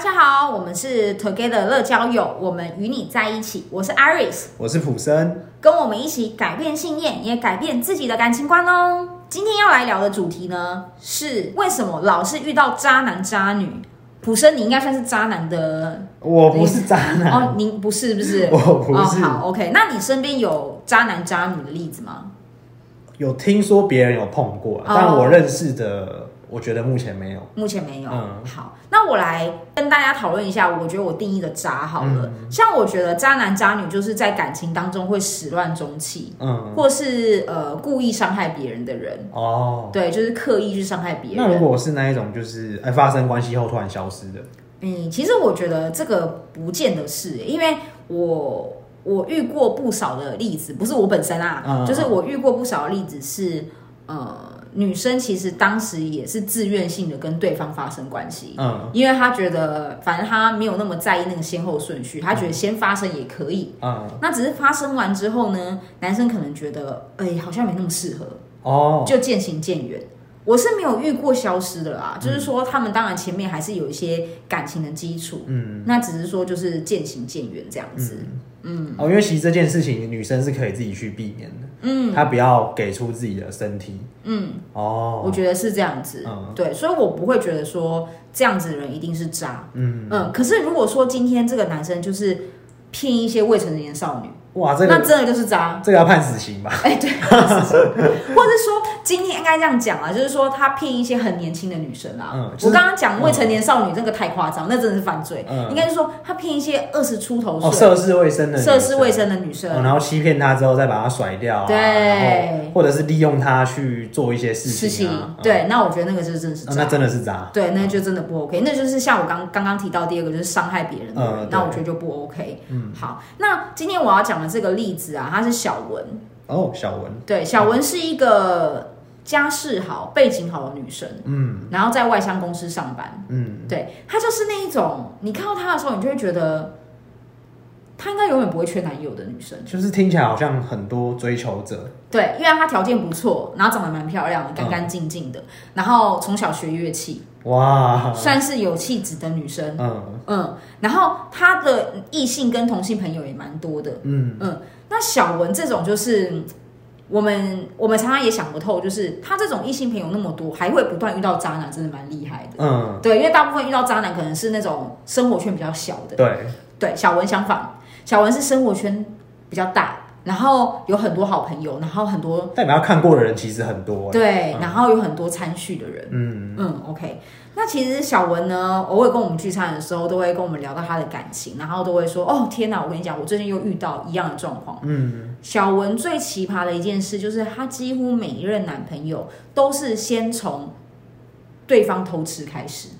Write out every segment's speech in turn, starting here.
大家好，我們是 Together 樂交友，我們與你在一起。我是 Iris，我是普森，跟我們一起改變信念，也改變自己的感情觀哦。今天要來聊的主題呢，是為什麼老是遇到渣男渣女？普森，你應該算是渣男的，我不是渣男 哦，您不是不是，我不是。哦、好，OK，那你身邊有渣男渣女的例子嗎？有聽說別人有碰過、哦，但我認識的。我覺得目前沒有，目前沒有、嗯。好，那我來跟大家討論一下。我覺得我定義的渣好了、嗯，像我覺得渣男渣女就是在感情當中會始亂終棄，嗯，或是呃故意傷害別人的人哦，對，就是刻意去傷害別人。那如果我是那一種，就是哎發生關係後突然消失的，嗯，其實我覺得這個不見得是、欸，因為我我遇過不少的例子，不是我本身啊，嗯、就是我遇過不少的例子是，呃。女生其實當時也是自願性的跟對方發生關係，嗯、因為她覺得反正她沒有那麼在意那個先後順序，她覺得先發生也可以、嗯，那只是發生完之後呢，男生可能覺得，哎，好像沒那麼適合，哦、就漸行漸遠。我是沒有遇過消失的啦、嗯，就是說他們當然前面還是有一些感情的基礎，嗯，那只是說就是漸行漸遠這樣子。嗯嗯，哦，因為其實這件事情女生是可以自己去避免的。嗯，她不要給出自己的身體。嗯，哦，我覺得是這樣子。嗯、對，所以我不會覺得說這樣子的人一定是渣。嗯嗯，可是如果說今天這個男生就是騙一些未成年少女，哇，這個、那真的就是渣，這個要判死刑吧？哎、嗯欸，對，判死刑 或者說。今天應該這樣講啊，就是說他騙一些很年輕的女生啊。嗯，就是、我剛剛講未成年少女，那個太誇張，那真的是犯罪。嗯、應該說他騙一些二十出頭、涉世未深的涉世未深的女生，生女生哦、然後欺騙她之後再把她甩掉、啊，對，或者是利用她去做一些事情、啊是是嗯。對，那我覺得那個就是真的是、嗯、那真的是渣，對，那就真的不 OK。那就是像我剛剛剛提到的第二個，就是傷害別人，的人、嗯，那我覺得就不 OK。嗯、好，那今天我要講的這個例子啊，他是小文哦，小文對，小文是一個，家世好、背景好的女生，嗯，然後在外商公司上班，嗯，對，她就是那一種，你看到她的時候，你就會覺得她應該永遠不會缺男友的女生，就是聽起來好像很多追求者，對，因為她條件不錯，然後長得蠻漂亮的，乾乾淨淨的，嗯，然後從小學樂器，哇，算是有氣質的女生，嗯嗯，然後她的異性跟同性朋友也蠻多的，嗯嗯，那小文這種就是。我們我們常常也想不透，就是他這種異性朋友那麼多，還會不斷遇到渣男，真的蠻厲害的。嗯，對，因為大部分遇到渣男可能是那種生活圈比較小的。對對，小文相反，小文是生活圈比較大，然後有很多好朋友，然後很多，代表要看過的人其實很多欸。對，然後有很多參序的人。嗯嗯，OK。那其實小文呢，偶爾跟我們聚餐的時候，都會跟我們聊到她的感情，然後都會說：“哦，天哪！我跟你講，我最近又遇到一樣的狀況。”嗯。小文最奇葩的一件事就是，她幾乎每一任男朋友都是先從對方偷吃開始。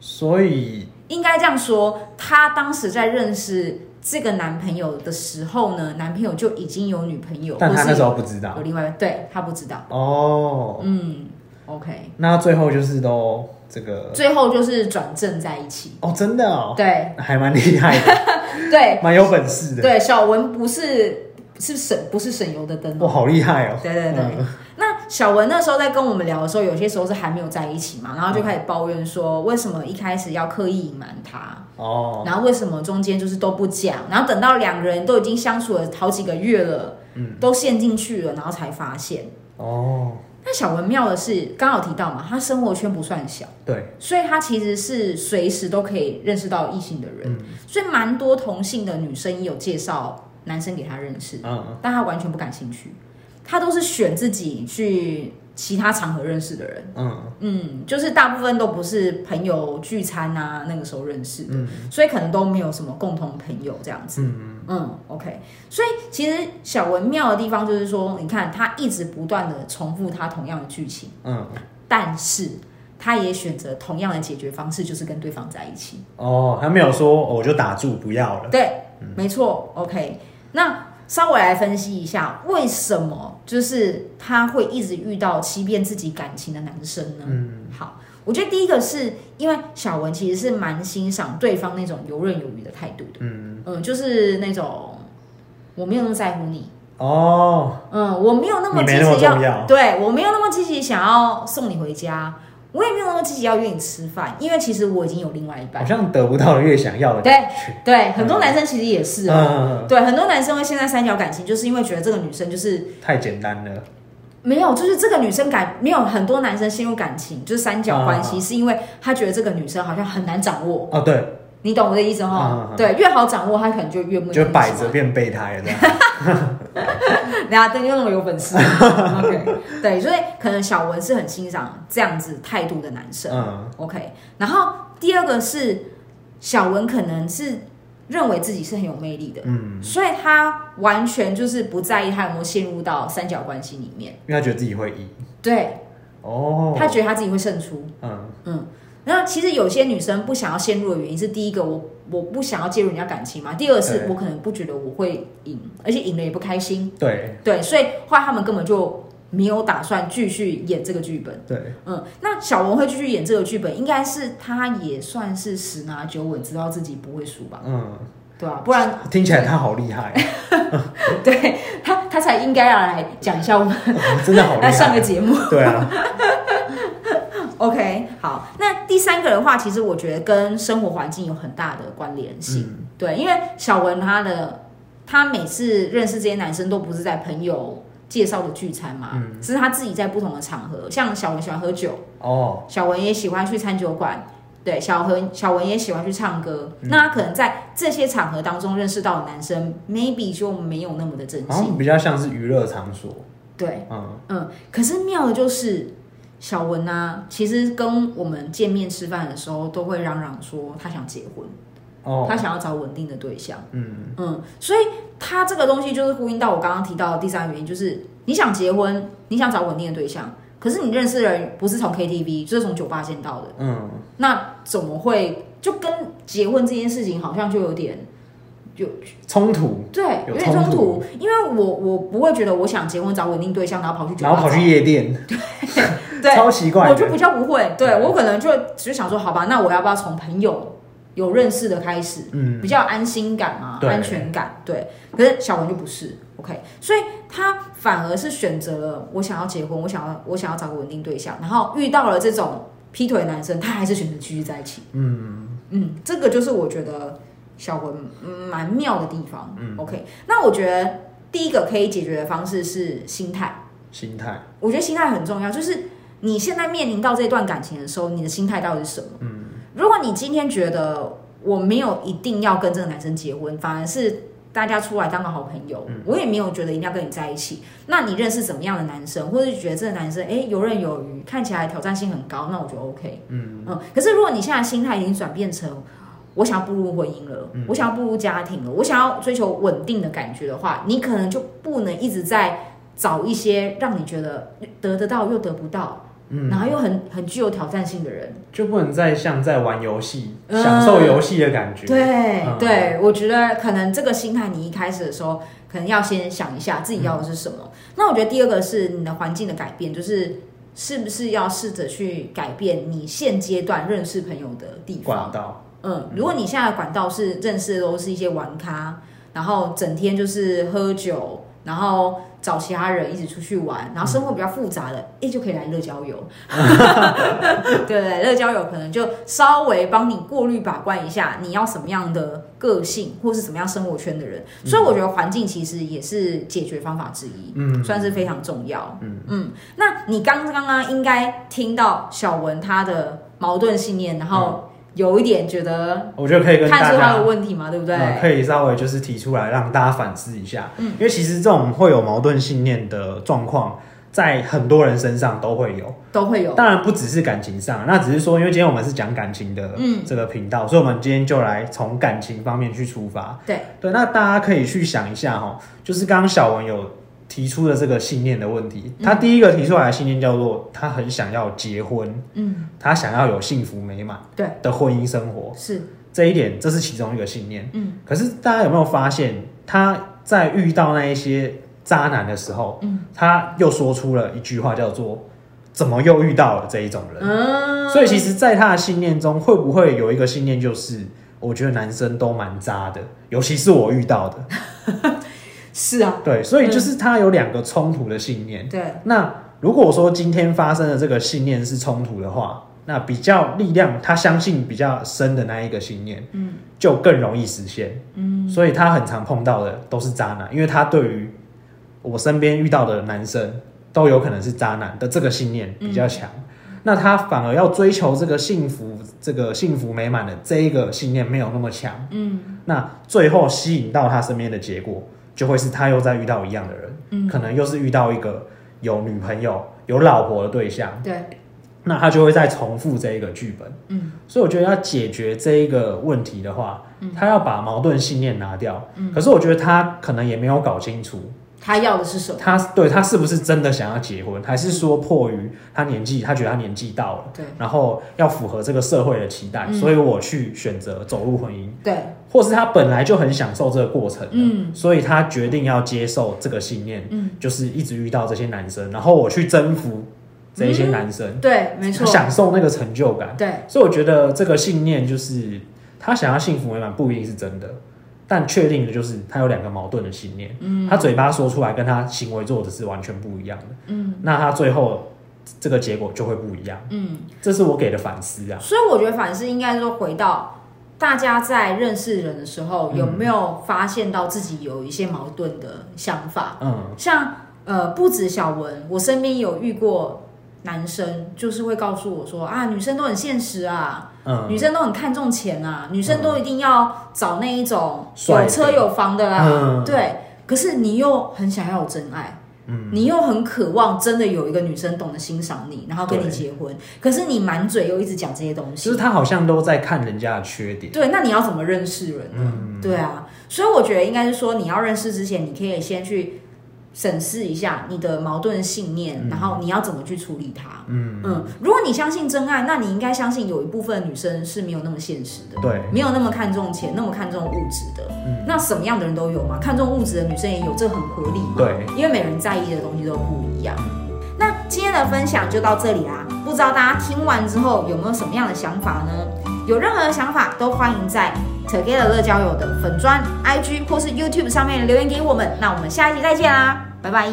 所以應該這樣說，她當時在認識這個男朋友的時候呢，男朋友就已經有女朋友，但他那時候不知道不是，有另外一個，他不知道。哦，嗯，OK。那最後就是都。這個最後就是轉正在一起哦，oh, 真的哦，對，還蠻厲害的， 對，蠻有本事的。對，小文不是是省不是省油的燈，哦、oh，好厲害哦！對對對，oh. 那小文那時候在跟我們聊的時候，有些時候是還沒有在一起嘛，然後就開始抱怨說，為什麼一開始要刻意隱瞞他哦，oh. 然後為什麼中間就是都不講，然後等到兩人都已經相處了好幾個月了，嗯、oh.，都陷進去了，然後才發現哦。Oh. 那小文妙的是，剛好提到嘛，他生活圈不算小，對，所以他其實是隨時都可以認識到異性的人，嗯、所以蠻多同性的女生也有介紹男生給她認識，嗯，但她完全不感興趣，她都是選自己去。其他場合認識的人，嗯嗯，就是大部分都不是朋友聚餐啊，那個時候認識的、嗯，所以可能都沒有什麼共同朋友這樣子，嗯嗯，OK，所以其實小文妙的地方就是說，你看他一直不斷的重複他同樣的劇情，嗯，但是他也選擇同樣的解決方式，就是跟對方在一起。哦，還沒有說、嗯、我就打住不要了，對，嗯、沒錯，OK，那。稍微來分析一下，為什麼就是他會一直遇到欺騙自己感情的男生呢？嗯，好，我覺得第一個是因為小文其實是蠻欣賞對方那種游刃有餘的態度的。嗯嗯，就是那種我沒有那麼在乎你哦，嗯，我沒有那麼積極要，要，對我沒有那麼積極想要送你回家。我也沒有那麼積極要約你吃飯，因為其實我已經有另外一半了。好像得不到了越想要的。對對，嗯、很多男生其實也是、喔嗯嗯、對，很多男生會陷在三角感情，就是因為覺得這個女生就是太簡單了。沒有，就是這個女生感，沒有很多男生陷入感情就是三角關係，是因為他覺得這個女生好像很難掌握。哦、嗯嗯嗯，對。你懂我的意思哦，啊啊啊對，越好掌握，他可能就越不越就擺着變備胎了。倆人又那麼有本事、啊， okay, 對，所以可能小文是很欣賞這樣子態度的男生。嗯，OK。然後第二個是小文可能是認為自己是很有魅力的，嗯，所以他完全就是不在意他有沒有陷入到三角關係裡面，因為他覺得自己會贏。對，哦，他覺得他自己會勝出。嗯嗯。然後其實有些女生不想要陷入的原因是：第一個我，我我不想要介入人家感情嘛；第二是，我可能不覺得我會贏，而且贏了也不開心。對對，所以後來他們根本就沒有打算繼續演這個劇本。對，嗯，那小文會繼續演這個劇本，應該是他也算是十拿九穩，知道自己不會輸吧？嗯，對啊，不然聽起來他好厲害、啊。 對他，他才應該要來講一下我們真的好，來上個節目。對啊 ，OK。那第三個的話，其實我覺得跟生活環境有很大的關聯性，嗯、對，因為小文他的他每次認識這些男生，都不是在朋友介紹的聚餐嘛，嗯、只是他自己在不同的場合。像小文喜歡喝酒哦，小文也喜歡去餐酒館，對，小何小文也喜歡去唱歌、嗯。那他可能在這些場合當中認識到的男生，maybe 就沒有那麼的真心、哦，比較像是娛樂場所。對，嗯嗯，可是妙的就是。小文啊，其實跟我們見面吃飯的時候，都會嚷嚷說他想結婚，oh. 他想要找穩定的對象。嗯、mm. 嗯，所以他這個東西就是呼應到我剛剛提到的第三個原因，就是你想結婚，你想找穩定的對象，可是你認識的人不是從 KTV，就是從酒吧見到的。嗯、mm.，那怎麼會就跟結婚這件事情好像就有點。就，衝突，對，有點衝突，因為我我不會覺得我想結婚找穩定對象，然後跑去酒吧，然後跑去夜店，對， 超奇怪的，我就比較不會，對，對我可能就只是想說，好吧，那我要不要從朋友有認識的開始，嗯，比較安心感嘛，安全感，對。可是小文就不是，OK，所以他反而是選擇了我想要結婚，我想要我想要找個穩定對象，然後遇到了這種劈腿男生，他還是選擇繼續在一起，嗯嗯，這個就是我覺得。效果蠻妙的地方。嗯，OK。那我覺得第一個可以解決的方式是心態。心態，我覺得心態很重要。就是你現在面臨到這段感情的時候，你的心態到底是什麼？嗯，如果你今天覺得我沒有一定要跟這個男生結婚，反而是大家出來當個好朋友，嗯、我也沒有覺得一定要跟你在一起。那你認識怎麼樣的男生，或者覺得這個男生哎、欸，遊刃有餘，看起來挑戰性很高，那我覺得 OK。嗯嗯。可是如果你現在心態已經轉變成，我想要步入婚姻了，嗯、我想要步入家庭了，我想要追求穩定的感覺的話，你可能就不能一直在找一些讓你覺得得得到又得不到，嗯，然後又很很具有挑戰性的人，就不能再像在玩遊戲、嗯、享受遊戲的感覺。對、嗯、對，我覺得可能這個心態，你一開始的時候可能要先想一下自己要的是什麼。嗯、那我覺得第二個是你的環境的改變，就是是不是要試着去改變你現階段認識朋友的地方、管道嗯，如果你現在的管道是認識的都是一些玩咖，然後整天就是喝酒，然後找其他人一直出去玩，然後生活比較複雜的，誒，就可以來樂交友。 對，樂交友可能就稍微幫你過濾把關一下，你要什麼樣的個性，或是什麼樣生活圈的人。所以我覺得環境其實也是解決方法之一，嗯，算是非常重要。嗯嗯，那你剛剛剛、啊、應該聽到小文他的矛盾信念，然後、嗯。有一點覺得，我覺得可以跟大家看出他的問題嘛，對不對？嗯，可以稍微就是提出來讓大家反思一下。嗯，因為其實這種會有矛盾信念的狀況，在很多人身上都會有，都會有。當然不只是感情上，那只是說，因為今天我們是講感情的，嗯，這個頻道，所以我們今天就來從感情方面去出發。嗯，對。對，那大家可以去想一下哈，就是剛剛小文有，提出的這個信念的問題，嗯，他第一個提出來的信念叫做他很想要結婚，嗯、他想要有幸福美滿的婚姻生活，是這一點，這是其中一個信念。嗯。可是大家有沒有發現，他在遇到那一些渣男的時候，嗯，他又說出了一句話叫做“怎麼又遇到了這一種人？”嗯，所以其實，在他的信念中，會不會有一個信念就是，我覺得男生都蠻渣的，尤其是我遇到的。 是啊，對、嗯，所以就是他有兩個衝突的信念。對，那如果說今天發生的這個信念是衝突的話，那比較力量他相信比較深的那一個信念，嗯，就更容易實現。嗯，所以他很常碰到的都是渣男，因為他對於我身邊遇到的男生都有可能是渣男的這個信念比較強、嗯，那他反而要追求這個幸福，這個幸福美滿的這一個信念沒有那麼強。嗯，那最後吸引到他身邊的結果，就會是他又再遇到一樣的人，嗯，可能又是遇到一個有女朋友、有老婆的對象，對，那他就會再重複這一個劇本，嗯，所以我覺得要解決這一個問題的話，嗯，他要把矛盾信念拿掉，嗯，可是我覺得他可能也沒有搞清楚。他要的是什麼？他對，他是不是真的想要結婚，還是說迫於他年紀，他覺得他年紀到了，對，然後要符合這個社會的期待，嗯，所以我去選擇走入婚姻，對，或是他本來就很享受這個過程，嗯，所以他決定要接受這個信念，嗯，就是一直遇到這些男生，然後我去征服這些男生，嗯，對，沒錯，享受那個成就感，對，所以我覺得這個信念就是他想要幸福美滿，不一定是真的。但確定的就是，他有兩個矛盾的信念。嗯，他嘴巴說出來，跟他行為做的是完全不一樣的。嗯，那他最後這個結果就會不一樣。嗯，這是我給的反思啊。所以我覺得反思應該說回到大家在認識人的時候，有沒有發現到自己有一些矛盾的想法？嗯，像呃，不止小文，我身邊有遇過男生，就是會告訴我說啊，女生都很現實啊。嗯、女生都很看重錢啊，女生都一定要找那一種有車有房的啦。帥的。嗯、對，可是你又很想要有真愛，嗯，你又很渴望真的有一個女生懂得欣賞你，然後跟你結婚。可是你滿嘴又一直講這些東西，就是他好像都在看人家的缺點。對，那你要怎麼認識人呢、嗯？對啊，所以我覺得應該是說，你要認識之前，你可以先去。審視一下你的矛盾信念，然後你要怎麼去處理它？嗯嗯，如果你相信真愛，那你應該相信有一部分的女生是沒有那麼現實的，對，沒有那麼看重錢，那麼看重物質的。嗯。那什麼樣的人都有嘛，看重物質的女生也有，這很合理嘛。對，因為每人在意的東西都不一樣。那今天的分享就到這裡啦，不知道大家聽完之後有沒有什麼樣的想法呢？有任何的想法都歡迎在 Together 樂交友的粉專、IG 或是 YouTube 上面留言給我們。那我們下一集再見啦，拜拜。